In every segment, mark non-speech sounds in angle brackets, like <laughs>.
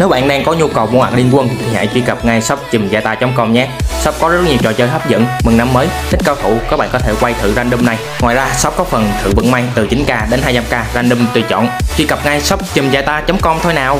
Nếu bạn đang có nhu cầu mua hàng liên quân thì hãy truy cập ngay shop chùm com nhé. Shop có rất nhiều trò chơi hấp dẫn, mừng năm mới, thích cao thủ các bạn có thể quay thử random này. Ngoài ra shop có phần thử vận may từ 9k đến 200k random tùy chọn. Truy cập ngay shop chùm com thôi nào.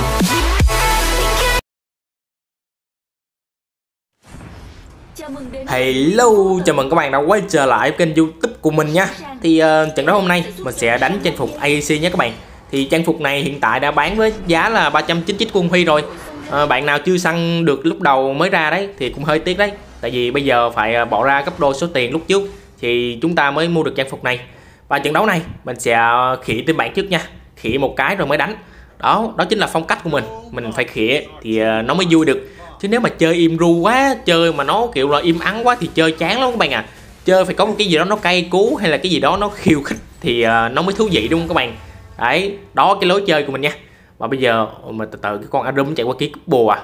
Hello, chào mừng các bạn đã quay trở lại kênh youtube của mình nha Thì uh, trận đấu hôm nay mình sẽ đánh chinh phục AEC nhé các bạn thì trang phục này hiện tại đã bán với giá là 399 quân huy rồi à, bạn nào chưa săn được lúc đầu mới ra đấy thì cũng hơi tiếc đấy tại vì bây giờ phải ờ, bỏ ra gấp đôi số tiền lúc trước thì chúng ta mới mua được trang phục này và trận đấu này mình sẽ ờ, khỉ tên bạn trước nha khỉ một cái rồi mới đánh đó đó chính là phong cách của mình mình phải khỉa thì nó mới vui được chứ nếu mà chơi im ru quá chơi mà nó kiểu là im ắng quá thì chơi chán lắm các bạn ạ à. chơi phải có một cái gì đó nó cay cú hay là cái gì đó nó khiêu khích thì nó mới thú vị đúng không các bạn đấy đó cái lối chơi của mình nha mà bây giờ mình từ từ cái con Arum chạy qua ký bồ à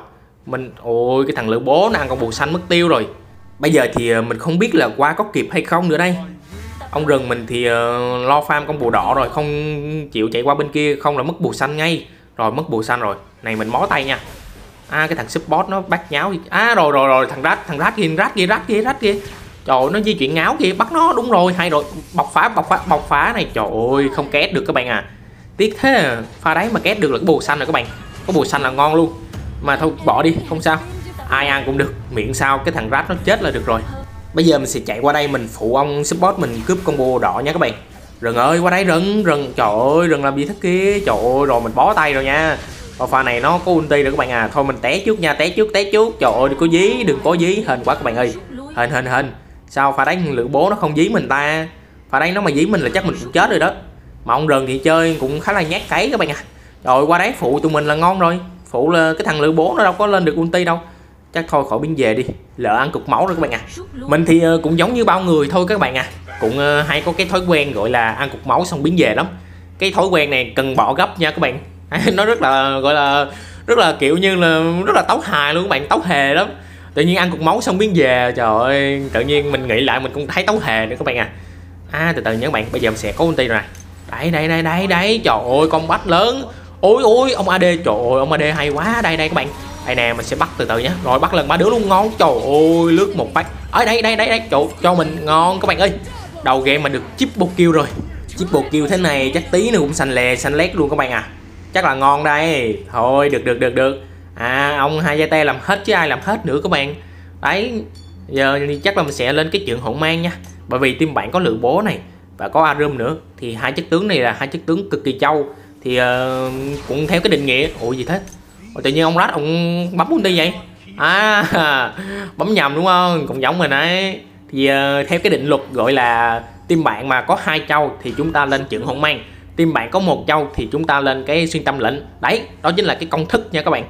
mình ôi cái thằng lửa bố nó ăn con bù xanh mất tiêu rồi bây giờ thì ờ, mình không biết là qua có kịp hay không nữa đây ông rừng mình thì ờ, lo farm con bù đỏ rồi không chịu chạy qua bên kia không là mất bù xanh ngay rồi mất bù xanh rồi này mình mó tay nha à cái thằng support nó bắt nháo gì? à rồi rồi rồi thằng rách thằng rách kia rách kia rách kia rách kia trời ơi, nó di chuyển ngáo kia bắt nó đúng rồi hay rồi bọc phá bọc phá bọc phá này trời ơi không két được các bạn à tiếc thế à, pha đáy mà két được là cái bù xanh rồi các bạn có bù xanh là ngon luôn mà thôi bỏ đi không sao ai ăn cũng được miệng sao cái thằng rát nó chết là được rồi bây giờ mình sẽ chạy qua đây mình phụ ông support mình cướp combo đỏ nha các bạn rừng ơi qua đây rừng rừng trời ơi rừng làm gì thế kia trời ơi rồi mình bó tay rồi nha và pha này nó có ulti rồi các bạn à thôi mình té trước nha té trước té trước trời ơi đừng có dí đừng có dí hên quá các bạn ơi hên hên hên sao pha đánh lượng bố nó không dí mình ta pha đánh nó mà dí mình là chắc mình cũng chết rồi đó mà ông rừng thì chơi cũng khá là nhát cấy các bạn ạ à. rồi qua đấy phụ tụi mình là ngon rồi phụ là cái thằng lữ bố nó đâu có lên được ulti đâu chắc thôi khỏi biến về đi lỡ ăn cục máu rồi các bạn ạ à. mình thì ờ, cũng giống như bao người thôi các bạn ạ à. cũng ờ, hay có cái thói quen gọi là ăn cục máu xong biến về lắm cái thói quen này cần bỏ gấp nha các bạn <laughs> nó rất là gọi là rất là kiểu như là rất là tấu hài luôn các bạn tấu hề lắm tự nhiên ăn cục máu xong biến về trời ơi tự nhiên mình nghĩ lại mình cũng thấy tấu hề nữa các bạn à à từ từ nhớ bạn bây giờ mình sẽ có công rồi này đây đây đây đây đấy trời ơi con bách lớn ôi ôi ông ad trời ơi ông ad hay quá đây đây các bạn đây nè mình sẽ bắt từ từ nhé rồi bắt lần ba đứa luôn ngon trời ơi lướt một phát ở đây đây đây đây chỗ cho mình ngon các bạn ơi đầu game mình được chip bột kill rồi chip bột kill thế này chắc tí nữa cũng xanh lè xanh lét luôn các bạn à chắc là ngon đây thôi được được được được à ông Hayate làm hết chứ ai làm hết nữa các bạn đấy giờ chắc là mình sẽ lên cái chuyện hỗn mang nha bởi vì team bạn có lượng bố này và có arum nữa thì hai chất tướng này là hai chất tướng cực kỳ trâu thì uh, cũng theo cái định nghĩa ủa gì thế Ủa, tự nhiên ông rách ông bấm ulti vậy à <laughs> bấm nhầm đúng không cũng giống rồi đấy thì uh, theo cái định luật gọi là team bạn mà có hai châu thì chúng ta lên trưởng hồng mang team bạn có một châu thì chúng ta lên cái xuyên tâm lệnh đấy đó chính là cái công thức nha các bạn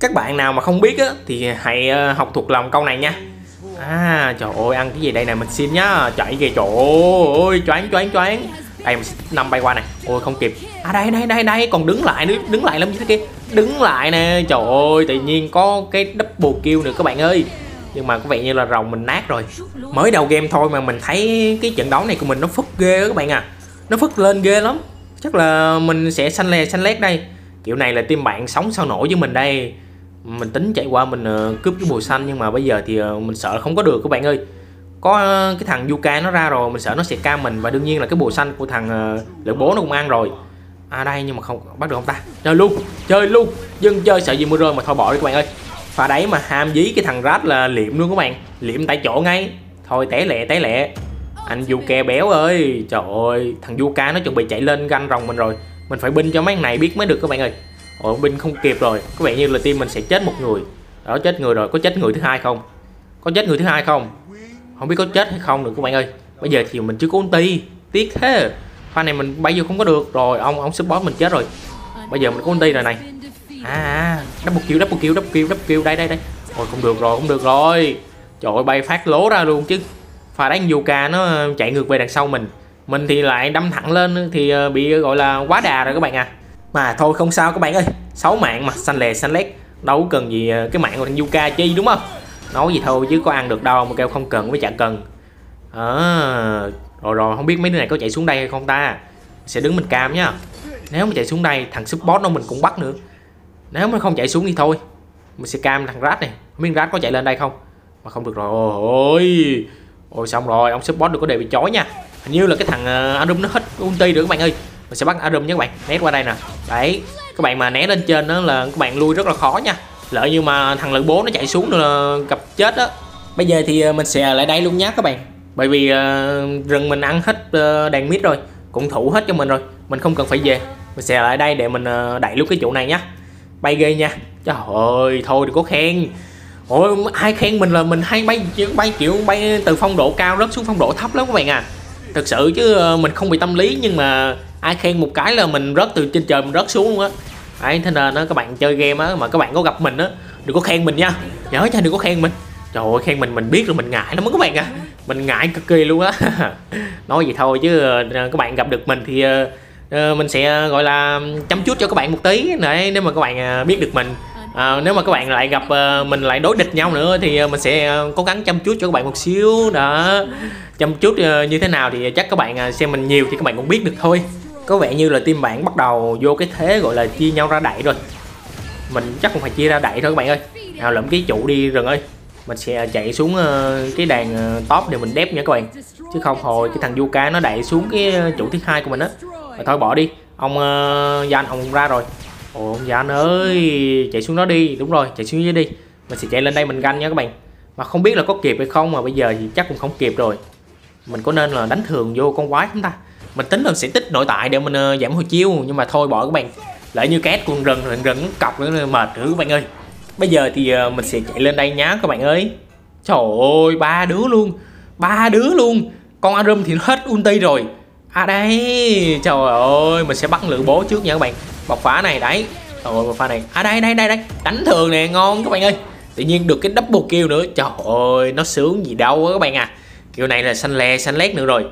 các bạn nào mà không biết á, thì hãy uh, học thuộc lòng câu này nha À trời ơi ăn cái gì đây này mình xin nhá Chạy kìa trời ơi choáng choáng choáng Đây mình năm bay qua này Ôi không kịp À đây đây đây đây còn đứng lại nữa Đứng lại làm gì thế kia Đứng lại nè trời ơi tự nhiên có cái double kill nữa các bạn ơi nhưng mà có vẻ như là rồng mình nát rồi mới đầu game thôi mà mình thấy cái trận đấu này của mình nó phức ghê đó các bạn à nó phức lên ghê lắm chắc là mình sẽ xanh lè xanh lét đây kiểu này là team bạn sống sao nổi với mình đây mình tính chạy qua mình ờ, cướp cái bùi xanh nhưng mà bây giờ thì ờ, mình sợ không có được các bạn ơi có ờ, cái thằng Yuka nó ra rồi mình sợ nó sẽ ca mình và đương nhiên là cái bùi xanh của thằng lưỡng bố nó cũng ăn rồi à đây nhưng mà không bắt được không ta chơi luôn chơi luôn dân chơi sợ gì mưa rơi mà thôi bỏ đi các bạn ơi pha đấy mà ham dí cái thằng rát là liệm luôn các bạn liệm tại chỗ ngay thôi té lẹ té lẹ anh Yuka béo ơi trời ơi thằng Yuka nó chuẩn bị chạy lên ganh rồng mình rồi mình phải binh cho mấy này biết mới được các bạn ơi Ôi binh không kịp rồi Có vẻ như là team mình sẽ chết một người Đó chết người rồi Có chết người thứ hai không Có chết người thứ hai không Không biết có chết hay không nữa các bạn ơi Bây giờ thì mình chưa có ulti Tiếc thế pha này mình bay vô không có được Rồi ông ông support mình chết rồi Bây giờ mình có ulti rồi này À kiểu, kill một kiểu, double kiểu, double kiểu Đây đây đây rồi không được rồi không được rồi Trời ơi bay phát lố ra luôn chứ Pha đánh dù ca nó chạy ngược về đằng sau mình Mình thì lại đâm thẳng lên thì ờ, bị gọi là quá đà rồi các bạn à mà thôi không sao các bạn ơi sáu mạng mà xanh lè xanh lét đâu cần gì ờ, cái mạng của thằng Yuka chi đúng không nói gì thôi chứ có ăn được đâu mà kêu không cần với chả cần à, rồi rồi không biết mấy đứa này có chạy xuống đây hay không ta sẽ đứng mình cam nhá nếu mà chạy xuống đây thằng support nó mình cũng bắt nữa nếu mà không chạy xuống thì thôi mình sẽ cam thằng rát này không biết rát có chạy lên đây không mà không được rồi ôi ôi xong rồi ông support được có đề bị chói nha hình như là cái thằng uh, ờ, Arum nó hết ulti được các bạn ơi mình sẽ bắt Adam nhé các bạn né qua đây nè đấy các bạn mà né lên trên đó là các bạn lui rất là khó nha lợi như mà thằng lợn bố nó chạy xuống là gặp chết đó bây giờ thì ờ, mình sẽ lại đây luôn nhé các bạn bởi vì uh, rừng mình ăn hết uh, đàn mít rồi cũng thủ hết cho mình rồi mình không cần phải về mình sẽ lại đây để mình uh, đẩy luôn cái chỗ này nhá bay ghê nha trời ơi thôi đừng có khen ôi ai khen mình là mình hay bay bay kiểu bay từ phong độ cao rớt xuống phong độ thấp lắm các bạn à thực sự chứ mình không bị tâm lý nhưng mà ai khen một cái là mình rớt từ trên trời mình rớt xuống luôn á đấy thế nên á các bạn chơi game á mà các bạn có gặp mình á đừng có khen mình nha nhớ dạ, nha đừng có khen mình trời ơi khen mình mình biết rồi mình ngại lắm á các bạn à. mình ngại cực kỳ luôn á <laughs> nói vậy thôi chứ ờ, các bạn gặp được mình thì ờ, ờ, mình sẽ gọi là chăm chút cho các bạn một tí để nếu mà các bạn biết được mình à, nếu mà các bạn lại gặp uh, mình lại đối địch nhau nữa thì uh, mình sẽ uh, cố gắng chăm chút cho các bạn một xíu đó chăm chút uh, như thế nào thì chắc các bạn uh, xem mình nhiều thì các bạn cũng biết được thôi có vẻ như là team bạn bắt đầu vô cái thế gọi là chia nhau ra đẩy rồi mình chắc cũng phải chia ra đẩy thôi các bạn ơi nào lượm cái trụ đi rừng ơi mình sẽ à, chạy xuống ờ, cái đàn ờ, top để mình đép nha các bạn chứ không hồi cái thằng Yuka nó đẩy xuống cái trụ ờ, thứ hai của mình á mà thôi bỏ đi ông uh, Gian ông ra rồi ồ ông Gian ơi chạy xuống đó đi đúng rồi chạy xuống dưới đi mình sẽ chạy lên đây mình ganh nha các bạn mà không biết là có kịp hay không mà bây giờ thì chắc cũng không kịp rồi mình có nên là đánh thường vô con quái chúng ta mình tính là sẽ tích nội tại để mình uh, giảm hồi chiêu nhưng mà thôi bỏ các bạn lại như két cuồng rừng rừng rừng cọc nữa mệt nữa các bạn ơi bây giờ thì uh, mình sẽ chạy lên đây nhá các bạn ơi trời ơi ba đứa luôn ba đứa luôn con arum thì nó hết ulti rồi à đây trời ơi mình sẽ bắt lựa bố trước nha các bạn bọc phá này đấy trời ơi bọc phá này à đây đây đây đây đánh thường nè ngon các bạn ơi tự nhiên được cái double kill nữa trời ơi nó sướng gì đâu các bạn à kiểu này là xanh lè xanh lét nữa rồi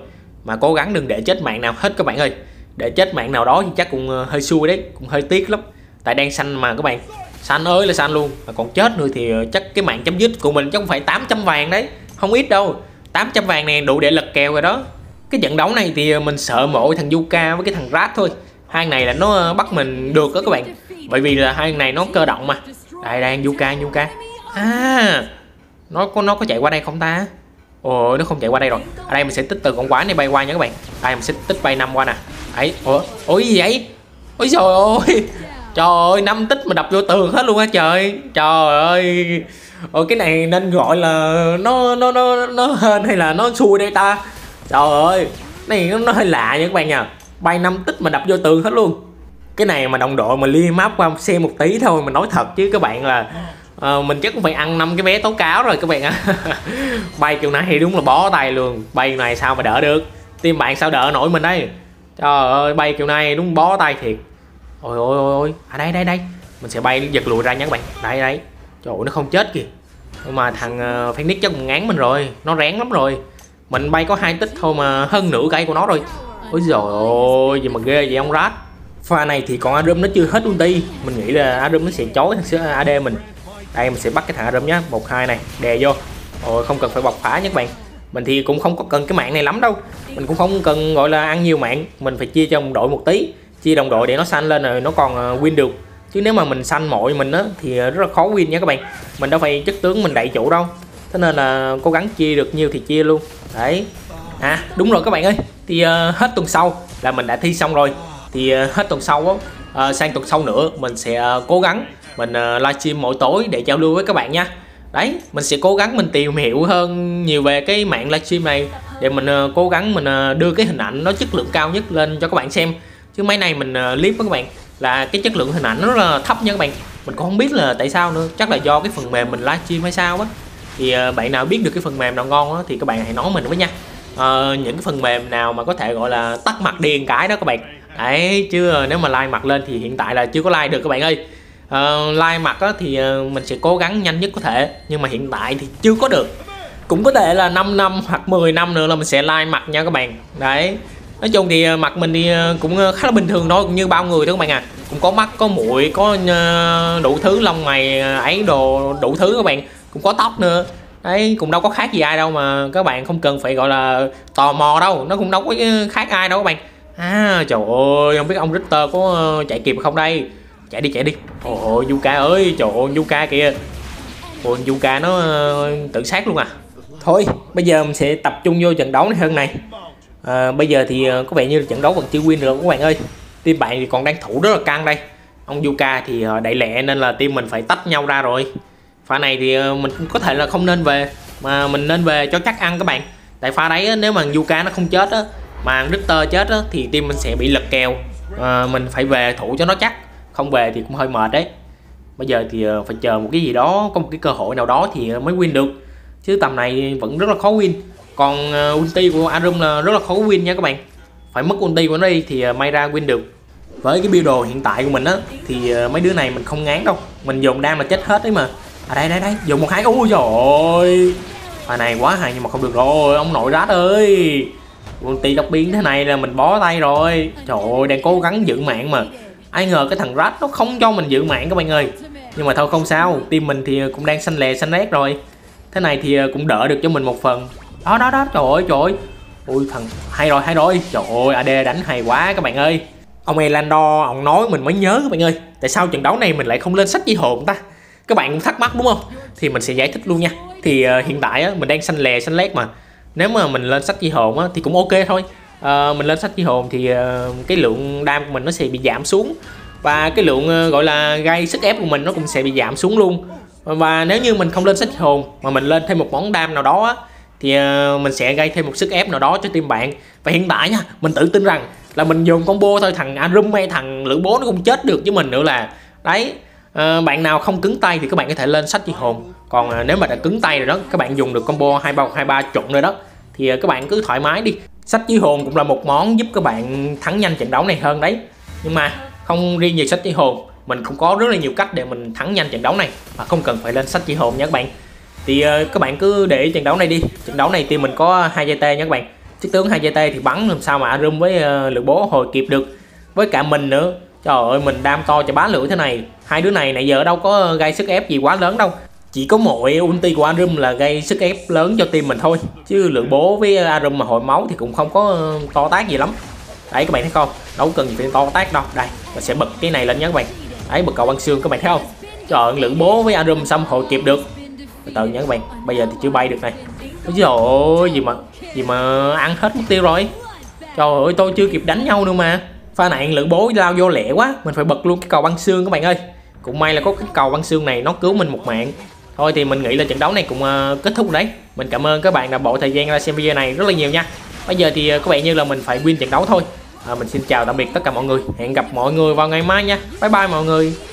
mà cố gắng đừng để chết mạng nào hết các bạn ơi để chết mạng nào đó thì chắc cũng ờ, hơi xui đấy cũng hơi tiếc lắm tại đang xanh mà các bạn xanh ơi là xanh luôn mà còn chết nữa thì ờ, chắc cái mạng chấm dứt của mình chắc không phải 800 vàng đấy không ít đâu 800 vàng này đủ để lật kèo rồi đó cái trận đấu này thì ờ, mình sợ mỗi thằng Yuka với cái thằng Rat thôi hai này là nó bắt mình được đó các bạn bởi vì là hai này nó cơ động mà đây đang Yuka Yuka à nó có nó có chạy qua đây không ta Ồ, nó không chạy qua đây rồi. Ở đây mình sẽ tích từ con quái này bay qua nha các bạn. Đây mình sẽ tích bay năm qua nè. Ấy, ủa, ôi gì vậy? Ôi trời ơi. Trời ơi, năm tích mà đập vô tường hết luôn á trời. Trời ơi. Ồ cái này nên gọi là nó nó nó nó hên hay là nó xui đây ta. Trời ơi. Này nó, nó hơi lạ nha các bạn nha. Bay năm tích mà đập vô tường hết luôn. Cái này mà đồng đội mà liên map qua xem một tí thôi mà nói thật chứ các bạn là à, mình chắc cũng phải ăn năm cái bé tố cáo rồi các bạn ạ <laughs> bay kiểu này thì đúng là bó tay luôn bay này sao mà đỡ được tim bạn sao đỡ nổi mình đây trời ơi bay kiểu này đúng bó tay thiệt ôi ôi ôi ôi à đây đây đây mình sẽ bay giật lùi ra nha các bạn đây đây trời ơi, nó không chết kìa nhưng mà thằng uh, ờ, phoenix chắc cũng ngán mình rồi nó rén lắm rồi mình bay có hai tích thôi mà hơn nửa cây của nó rồi ôi rồi ôi gì mà ghê vậy ông rát pha này thì còn Adam nó chưa hết ulti mình nghĩ là Adam nó sẽ chối thằng AD mình đây mình sẽ bắt cái thằng Arum nhá một hai này đè vô rồi không cần phải bọc phá nhé các bạn mình thì cũng không có cần cái mạng này lắm đâu mình cũng không cần gọi là ăn nhiều mạng mình phải chia cho đồng đội một tí chia đồng đội để nó xanh lên rồi nó còn ờ, win được chứ nếu mà mình xanh mọi mình á thì ờ, rất là khó win nha các bạn mình đâu phải chất tướng mình đại chủ đâu thế nên là cố gắng chia được nhiều thì chia luôn đấy à đúng rồi các bạn ơi thì uh, hết tuần sau là mình đã thi xong rồi thì uh, hết tuần sau á uh, sang tuần sau nữa mình sẽ uh, cố gắng mình uh, livestream mỗi tối để giao lưu với các bạn nha đấy mình sẽ cố gắng mình tìm hiểu hơn nhiều về cái mạng livestream này để mình uh, cố gắng mình uh, đưa cái hình ảnh nó chất lượng cao nhất lên cho các bạn xem chứ máy này mình uh, clip với các bạn là cái chất lượng hình ảnh nó rất là thấp nha các bạn mình cũng không biết là tại sao nữa chắc là do cái phần mềm mình livestream hay sao á thì uh, bạn nào biết được cái phần mềm nào ngon đó, thì các bạn hãy nói mình với nha uh, những cái phần mềm nào mà có thể gọi là tắt mặt điền cái đó các bạn đấy chứ nếu mà like mặt lên thì hiện tại là chưa có like được các bạn ơi uh, ờ, like mặt á, thì uh, mình sẽ cố gắng nhanh nhất có thể nhưng mà hiện tại thì chưa có được cũng có thể là 5 năm hoặc 10 năm nữa là mình sẽ like mặt nha các bạn đấy nói chung thì ờ, mặt mình thì cũng khá là bình thường thôi cũng như bao người thôi các bạn à cũng có mắt có mũi có đủ thứ lông mày ấy đồ đủ thứ các bạn cũng có tóc nữa đấy cũng đâu có khác gì ai đâu mà các bạn không cần phải gọi là tò mò đâu nó cũng đâu có khác ai đâu các bạn à trời ơi không biết ông Richter có chạy kịp không đây chạy đi chạy đi ôi Yuka ơi trời ơi Yuka kìa ôi Yuka nó ờ, tự sát luôn à thôi bây giờ mình sẽ tập trung vô trận đấu này hơn này à, bây giờ thì ờ, có vẻ như trận đấu còn chưa win được các bạn ơi team bạn thì còn đang thủ rất là căng đây ông Yuka thì đại lẹ nên là team mình phải tách nhau ra rồi pha này thì mình có thể là không nên về mà mình nên về cho chắc ăn các bạn tại pha đấy nếu mà Yuka nó không chết á mà Richter chết á thì team mình sẽ bị lật kèo à, mình phải về thủ cho nó chắc không về thì cũng hơi mệt đấy bây giờ thì ờ, phải chờ một cái gì đó có một cái cơ hội nào đó thì ờ, mới win được chứ tầm này vẫn rất là khó win còn ờ, ulti của Arum là rất là khó win nha các bạn phải mất ulti của nó đi thì may ra win được với cái build đồ hiện tại của mình á thì mấy đứa này mình không ngán đâu mình dùng đam là chết hết đấy mà à đây đây đây dùng một hai ôi trời ơi bài này quá hài nhưng mà không được rồi ông nội rát ơi ulti độc biến thế này là mình bó tay rồi trời ơi đang cố gắng giữ mạng mà ai ngờ cái thằng rat nó không cho mình giữ mạng các bạn ơi nhưng mà thôi không sao tim mình thì ờ, cũng đang xanh lè xanh nét rồi thế này thì ờ, cũng đỡ được cho mình một phần đó đó đó trời ơi trời ơi ui thằng hay rồi hay rồi trời ơi ad đánh hay quá các bạn ơi ông elando ông nói mình mới nhớ các bạn ơi tại sao trận đấu này mình lại không lên sách di hồn ta các bạn cũng thắc mắc đúng không thì mình sẽ giải thích luôn nha thì uh, hiện tại á, mình đang xanh lè xanh lét mà nếu mà mình lên sách di hồn á, thì cũng ok thôi uh, mình lên sách chi hồn thì uh, cái lượng đam của mình nó sẽ bị giảm xuống và cái lượng uh, gọi là gây sức ép của mình nó cũng sẽ bị giảm xuống luôn và nếu như mình không lên sách chi hồn mà mình lên thêm một món đam nào đó á, thì uh, mình sẽ gây thêm một sức ép nào đó cho team bạn và hiện tại nha mình tự tin rằng là mình dùng combo thôi thằng Arum hay thằng Lữ Bố nó cũng chết được với mình nữa là đấy uh, bạn nào không cứng tay thì các bạn có thể lên sách chi hồn còn uh, nếu mà đã cứng tay rồi đó các bạn dùng được combo hai ba hai ba chuẩn rồi đó thì các bạn cứ thoải mái đi sách chí hồn cũng là một món giúp các bạn thắng nhanh trận đấu này hơn đấy nhưng mà không riêng về sách chí hồn mình cũng có rất là nhiều cách để mình thắng nhanh trận đấu này mà không cần phải lên sách chí hồn nha các bạn thì uh, các bạn cứ để trận đấu này đi trận đấu này thì mình có hai gt nha các bạn chiếc tướng hai dây tê thì bắn làm sao mà rung với uh, ờ, lượng bố hồi kịp được với cả mình nữa trời ơi mình đam to cho bá lưỡi thế này hai đứa này nãy giờ đâu có gây sức ép gì quá lớn đâu chỉ có mỗi ulti của Arum là gây sức ép lớn cho team mình thôi chứ lượng bố với ờ, Arum mà hồi máu thì cũng không có ờ, to tác gì lắm đấy các bạn thấy không đâu cần gì phải to tác đâu đây mình sẽ bật cái này lên nhé các bạn đấy bật cầu băng xương các bạn thấy không trời lượng bố với Arum xong hồi kịp được từ từ nhé các bạn bây giờ thì chưa bay được này ôi trời ơi gì mà gì mà ăn hết mục tiêu rồi trời ơi tôi chưa kịp đánh nhau nữa mà pha nạn lượng bố lao vô lẹ quá mình phải bật luôn cái cầu băng xương các bạn ơi cũng may là có cái cầu băng xương này nó cứu mình một mạng thôi thì mình nghĩ là trận đấu này cũng ờ, kết thúc đấy mình cảm ơn các bạn đã bỏ thời gian ra xem video này rất là nhiều nha bây giờ thì ờ, có vẻ như là mình phải win trận đấu thôi à, mình xin chào tạm biệt tất cả mọi người hẹn gặp mọi người vào ngày mai nha bye bye mọi người